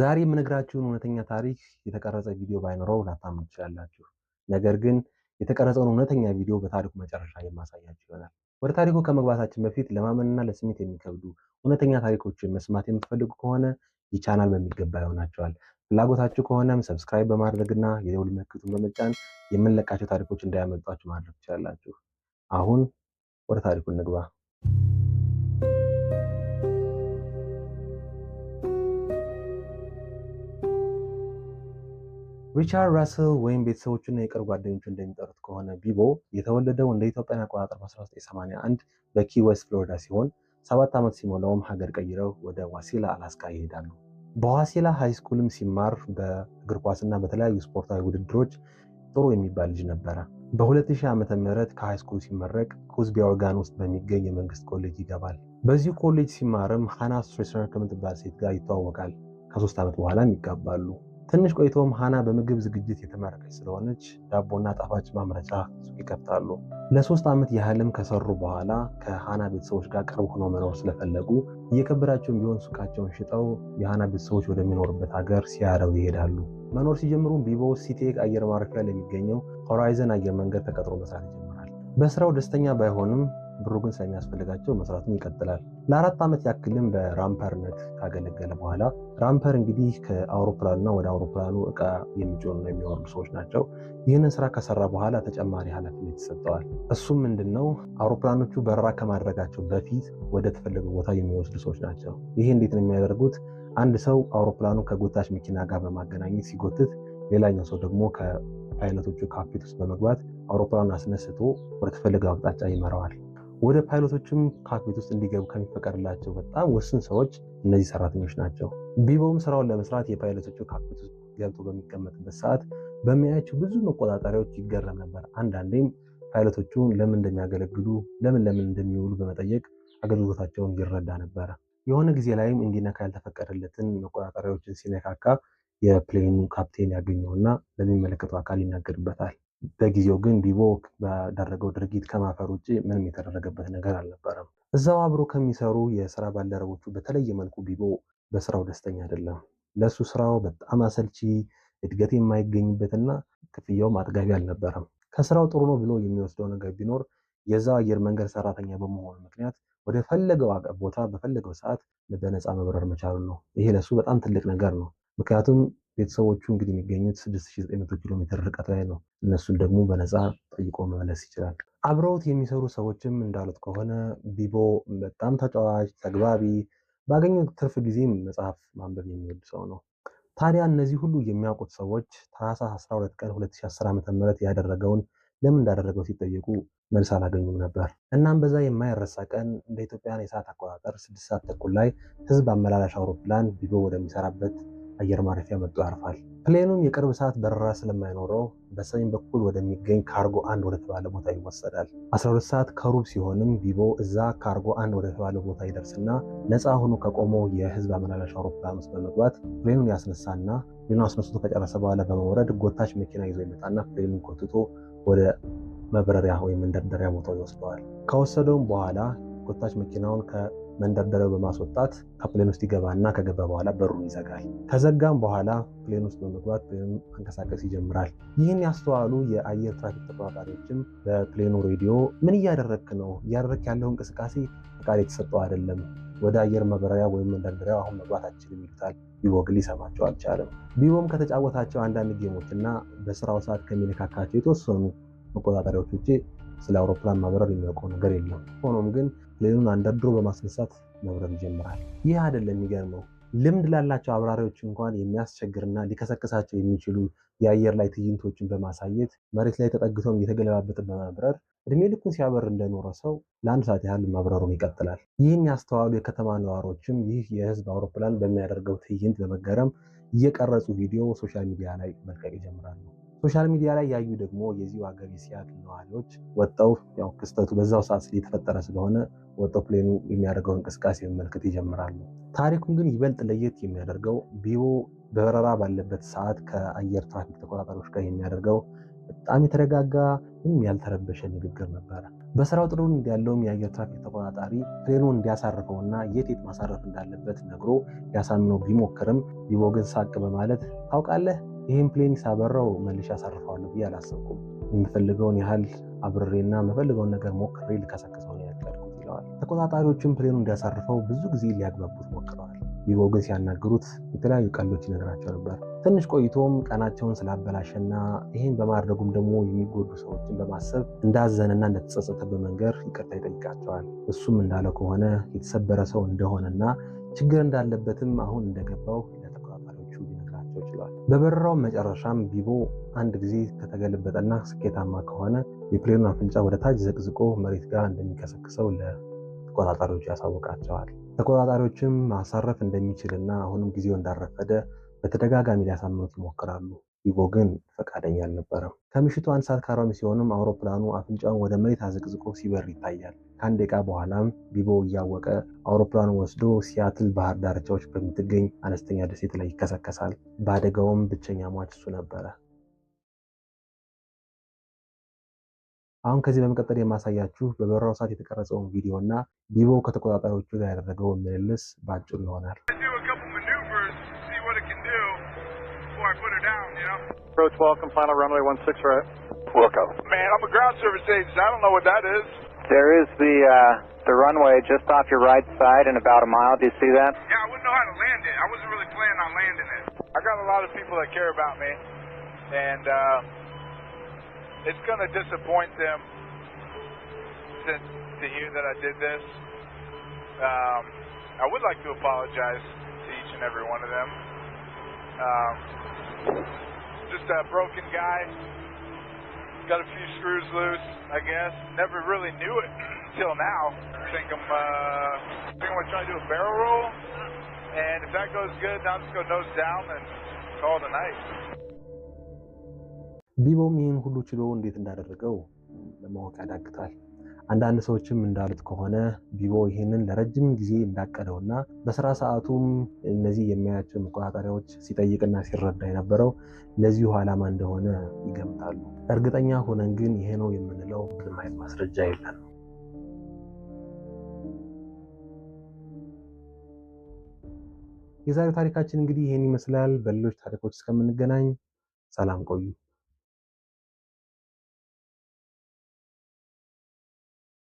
ዛሬ የምነግራችሁን እውነተኛ ታሪክ የተቀረጸ ቪዲዮ ባይኖረው ላታምኑ ትችላላችሁ። ነገር ግን የተቀረጸውን እውነተኛ ቪዲዮ በታሪኩ መጨረሻ የማሳያችሁ ይሆናል። ወደ ታሪኩ ከመግባታችን በፊት ለማመንና ለስሜት የሚከብዱ እውነተኛ ታሪኮችን መስማት የምትፈልጉ ከሆነ ይህ ቻናል በሚገባ ይሆናቸዋል። ፍላጎታችሁ ከሆነም ሰብስክራይብ በማድረግና የደውል ምልክቱን በመጫን የምንለቃቸው ታሪኮች እንዳያመልጧችሁ ማድረግ ትችላላችሁ። አሁን ወደ ታሪኩ እንግባ። ሪቻርድ ራስል ወይም ቤተሰቦቹና የቅርብ ጓደኞቹ እንደሚጠሩት ከሆነ ቢቦ የተወለደው እንደ ኢትዮጵያን አቆጣጠር በ1981 በኪ ዌስት ፍሎሪዳ ሲሆን ሰባት ዓመት ሲሞላውም ሀገር ቀይረው ወደ ዋሲላ አላስካ ይሄዳሉ። በዋሲላ ሃይስኩልም ሲማር በእግር ኳስና በተለያዩ ስፖርታዊ ውድድሮች ጥሩ የሚባል ልጅ ነበረ። በ2000 ዓ.ም ከሃይስኩል ሲመረቅ ኩዝቢ ኦርጋን ውስጥ በሚገኝ የመንግስት ኮሌጅ ይገባል። በዚሁ ኮሌጅ ሲማርም ሃና ስትሬሰር ከምትባል ሴት ጋር ይተዋወቃል። ከሶስት ዓመት በኋላም ይጋባሉ። ትንሽ ቆይቶም ሃና በምግብ ዝግጅት የተመረቀች ስለሆነች ዳቦና ጣፋጭ ማምረቻ ሱቅ ይከፍታሉ። ለሶስት ዓመት ያህልም ከሰሩ በኋላ ከሃና ቤተሰቦች ጋር ቅርብ ሆኖ መኖር ስለፈለጉ እየከበዳቸውም ቢሆን ሱቃቸውን ሽጠው የሃና ቤተሰቦች ወደሚኖሩበት ሀገር ሲያረው ይሄዳሉ። መኖር ሲጀምሩም ቢቦ ሲቴክ አየር ማረፊያ ለሚገኘው ሆራይዘን አየር መንገድ ተቀጥሮ መስራት ይጀምራል። በስራው ደስተኛ ባይሆንም ብሩ ግን ስለሚያስፈልጋቸው መስራቱን ይቀጥላል። ለአራት ዓመት ያክልም በራምፐርነት ካገለገለ በኋላ ራምፐር እንግዲህ ከአውሮፕላንና ወደ አውሮፕላኑ እቃ የሚጭኑ የሚወርዱ ሰዎች ናቸው። ይህንን ስራ ከሰራ በኋላ ተጨማሪ ኃላፊነት ይሰጠዋል። እሱም ምንድን ነው? አውሮፕላኖቹ በረራ ከማድረጋቸው በፊት ወደ ተፈለገ ቦታ የሚወስዱ ሰዎች ናቸው። ይሄ እንዴት ነው የሚያደርጉት? አንድ ሰው አውሮፕላኑ ከጎታች መኪና ጋር በማገናኘት ሲጎትት፣ ሌላኛው ሰው ደግሞ ከፓይለቶቹ ካክፒት ውስጥ በመግባት አውሮፕላኑን አስነስቶ ወደ ተፈለገው አቅጣጫ ይመራዋል። ወደ ፓይሎቶችም ካክቤት ውስጥ እንዲገቡ ከሚፈቀድላቸው በጣም ወስን ሰዎች እነዚህ ሰራተኞች ናቸው። ቢቦም ስራውን ለመስራት የፓይለቶቹ ከአክቤት ውስጥ ገብቶ በሚቀመጥበት ሰዓት በሚያያቸው ብዙ መቆጣጠሪያዎች ይገረም ነበር። አንዳንዴም ፓይለቶቹ ለምን እንደሚያገለግሉ ለምን ለምን እንደሚውሉ በመጠየቅ አገልግሎታቸውን ይረዳ ነበረ። የሆነ ጊዜ ላይም እንዲነካ ያልተፈቀደለትን መቆጣጠሪያዎችን ሲነካካ የፕሌኑ ካፕቴን ያገኘውና ለሚመለከተው አካል ይናገርበታል። በጊዜው ግን ቢቦ ባደረገው ድርጊት ከማፈር ውጭ ምንም የተደረገበት ነገር አልነበረም። እዛው አብሮ ከሚሰሩ የስራ ባልደረቦቹ በተለየ መልኩ ቢቦ በስራው ደስተኛ አይደለም። ለእሱ ስራው በጣም አሰልቺ፣ እድገት የማይገኝበትና ክፍያውም አጥጋቢ አልነበረም። ከስራው ጥሩ ነው ብሎ የሚወስደው ነገር ቢኖር የዛው አየር መንገድ ሰራተኛ በመሆኑ ምክንያት ወደ ፈለገው ቦታ በፈለገው ሰዓት በነፃ መብረር መቻሉ ነው። ይሄ ለሱ በጣም ትልቅ ነገር ነው። ምክንያቱም ቤተሰቦቹ እንግዲህ የሚገኙት 6900 ኪሎ ሜትር ርቀት ላይ ነው። እነሱን ደግሞ በነፃ ጠይቆ መመለስ ይችላል። አብረውት የሚሰሩ ሰዎችም እንዳሉት ከሆነ ቢቦ በጣም ተጫዋች፣ ተግባቢ፣ ባገኘው ትርፍ ጊዜም መጽሐፍ ማንበብ የሚወድ ሰው ነው። ታዲያ እነዚህ ሁሉ የሚያውቁት ሰዎች ታህሳስ 12 ቀን 2010 ዓ.ም ያደረገውን ለምን እንዳደረገው ሲጠየቁ መልስ አላገኙም ነበር። እናም በዛ የማይረሳ ቀን እንደ ኢትዮጵያን የሰዓት አቆጣጠር ስድስት ሰዓት ተኩል ላይ ህዝብ አመላላሽ አውሮፕላን ቢቦ ወደሚሰራበት አየር ማረፊያ መጥቶ ያርፋል። ፕሌኑም የቅርብ ሰዓት በረራ ስለማይኖረው በሰሜን በኩል ወደሚገኝ ካርጎ አንድ ወደተባለ ቦታ ይወሰዳል። 12 ሰዓት ከሩብ ሲሆንም ቪቦ እዛ ካርጎ አንድ ወደተባለ ቦታ ይደርስና ነፃ ሆኖ ከቆመው የህዝብ አመላላሽ አውሮፕላን ውስጥ በመግባት ፕሌኑን ያስነሳና ፕሌኑ አስነስቶ ከጨረሰ በኋላ በመውረድ ጎታች መኪና ይዞ ይመጣና ፕሌኑን ጎትቶ ወደ መብረሪያ ወይም መንደርደሪያ ቦታው ይወስደዋል። ከወሰደውም በኋላ ጎታች መኪናውን መንደርደሪያው በማስወጣት ከፕሌን ውስጥ ይገባና ከገባ በኋላ በሩን ይዘጋል። ከዘጋም በኋላ ፕሌን ውስጥ በመግባት ፕሌኑ መንቀሳቀስ ይጀምራል። ይህን ያስተዋሉ የአየር ትራፊክ ተቆጣጣሪዎችም በፕሌኑ ሬዲዮ ምን እያደረግክ ነው? እያደረግክ ያለው እንቅስቃሴ ፈቃድ የተሰጠው አይደለም፣ ወደ አየር መበረሪያ ወይም መንደርደሪያው አሁን መግባት አችልም ይሉታል። ቢቦ ግን ሊሰማቸው አልቻለም። ቢቦም ከተጫወታቸው አንዳንድ ጌሞች እና በስራው ሰዓት ከሚነካካቸው የተወሰኑ መቆጣጠሪያዎች ውጭ ስለ አውሮፕላን ማብረር የሚያውቀው ነገር የለም። ሆኖም ግን ሌሉን አንደርድሮ በማስነሳት መብረር ይጀምራል። ይህ አይደለም የሚገርመው፣ ልምድ ላላቸው አብራሪዎች እንኳን የሚያስቸግርና ሊከሰከሳቸው የሚችሉ የአየር ላይ ትዕይንቶችን በማሳየት መሬት ላይ ተጠግቶም እየተገለባበጥን በመብረር እድሜ ልኩን ሲያበር እንደኖረ ሰው ለአንድ ሰዓት ያህል መብረሩን ይቀጥላል። ይህን ያስተዋሉ የከተማ ነዋሪዎችም ይህ የህዝብ አውሮፕላን በሚያደርገው ትዕይንት በመገረም እየቀረጹ ቪዲዮ ሶሻል ሚዲያ ላይ መልቀቅ ይጀምራሉ። ሶሻል ሚዲያ ላይ ያዩ ደግሞ የዚሁ ሀገር የሲያትል ነዋሪዎች ወጠው ያው ክስተቱ በዛው ሰዓት የተፈጠረ ስለሆነ ወጠው ፕሌኑ የሚያደርገው እንቅስቃሴ መመልከት ይጀምራሉ። ታሪኩን ግን ይበልጥ ለየት የሚያደርገው ቢቦ በበረራ ባለበት ሰዓት ከአየር ትራፊክ ተቆጣጣሪዎች ጋር የሚያደርገው በጣም የተረጋጋ ምንም ያልተረበሸ ንግግር ነበረ። በስራው ጥሩ እንዲያለውም የአየር ትራፊክ ተቆጣጣሪ እንዲያሳርፈው እንዲያሳርፈውና የት የት ማሳረፍ እንዳለበት ነግሮ ያሳምነው ቢሞክርም ቢቦ ግን ሳቅ በማለት ታውቃለህ ይህን ፕሌን ሳበራው መልሼ አሳርፈዋለሁ ብዬ አላሰብኩም። የምፈልገውን ያህል አብሬና የምፈልገውን ነገር ሞክሬ ልከሰክሰው ነው ያቀድኩት ይለዋል። ተቆጣጣሪዎችን ፕሌኑ እንዲያሳርፈው ብዙ ጊዜ ሊያግባቡት ሞክረዋል። ቢቦ ግን ሲያናግሩት የተለያዩ ቀልዶች ይነግራቸው ነበር። ትንሽ ቆይቶም ቀናቸውን ስላበላሸና ይህን በማድረጉም ደግሞ የሚጎዱ ሰዎችን በማሰብ እንዳዘነና እንደተጸጸተ በመንገር ይቅርታ ይጠይቃቸዋል። እሱም እንዳለ ከሆነ የተሰበረ ሰው እንደሆነና ችግር እንዳለበትም አሁን እንደገባው ተገልብጧል። በበረራው መጨረሻም ቢቦ አንድ ጊዜ ከተገለበጠና ስኬታማ ከሆነ የፕሌኑን አፍንጫ ወደ ታች ዘቅዝቆ መሬት ጋር እንደሚከሰክሰው ለተቆጣጣሪዎች ያሳውቃቸዋል። ተቆጣጣሪዎችም ማሳረፍ እንደሚችልና አሁንም ጊዜው እንዳረፈደ በተደጋጋሚ ሊያሳምኑት ይሞክራሉ። ቢቦ ግን ፈቃደኛ አልነበረም። ከምሽቱ አንድ ሰዓት ከአርባ ሲሆንም አውሮፕላኑ አፍንጫውን ወደ መሬት አዘቅዝቆ ሲበር ይታያል። ከአንድ ደቂቃ በኋላም ቢቦ እያወቀ አውሮፕላኑ ወስዶ ሲያትል ባህር ዳርቻዎች በምትገኝ አነስተኛ ደሴት ላይ ይከሰከሳል። በአደጋውም ብቸኛ ሟች እሱ ነበረ። አሁን ከዚህ በመቀጠል የማሳያችሁ በበራው ሰዓት የተቀረጸውን ቪዲዮ እና ቢቦ ከተቆጣጣሪዎቹ ጋር ያደረገውን ምልልስ በአጭሩ ይሆናል። before I put her down, you know? Approach welcome, final runway one six right. Wilco. Man, I'm a ground service agent. I don't know what that is. There is the uh, the runway just off your right side in about a mile. Do you see that? Yeah, I wouldn't know how to land it. I wasn't really planning on landing it. I got a lot of people that care about me, and uh, it's going to disappoint them to, to hear that I did this. Um, I would like to apologize to each and every one of them. Um, just a broken guy. Got a few screws loose, I guess. Never really knew it until now. I think I'm, uh, I think I'm gonna try to do a barrel roll. And if that goes good, i am just going to nose down and call it a night. ቢቦም ይህን ሁሉ ችሎ እንዴት እንዳደረገው ለማወቅ ያዳግታል። አንዳንድ ሰዎችም እንዳሉት ከሆነ ቢቦ ይህንን ለረጅም ጊዜ እና በስራ ሰዓቱም እነዚህ የሚያያቸው መቆጣጠሪያዎች ሲጠይቅና ሲረዳ የነበረው ለዚሁ ዓላማ እንደሆነ ይገምታሉ። እርግጠኛ ሆነን ግን ይሄ ነው የምንለው ምንም አይነት ማስረጃ የለን። የዛሬው ታሪካችን እንግዲህ ይህን ይመስላል። በሌሎች ታሪኮች እስከምንገናኝ ሰላም ቆዩ።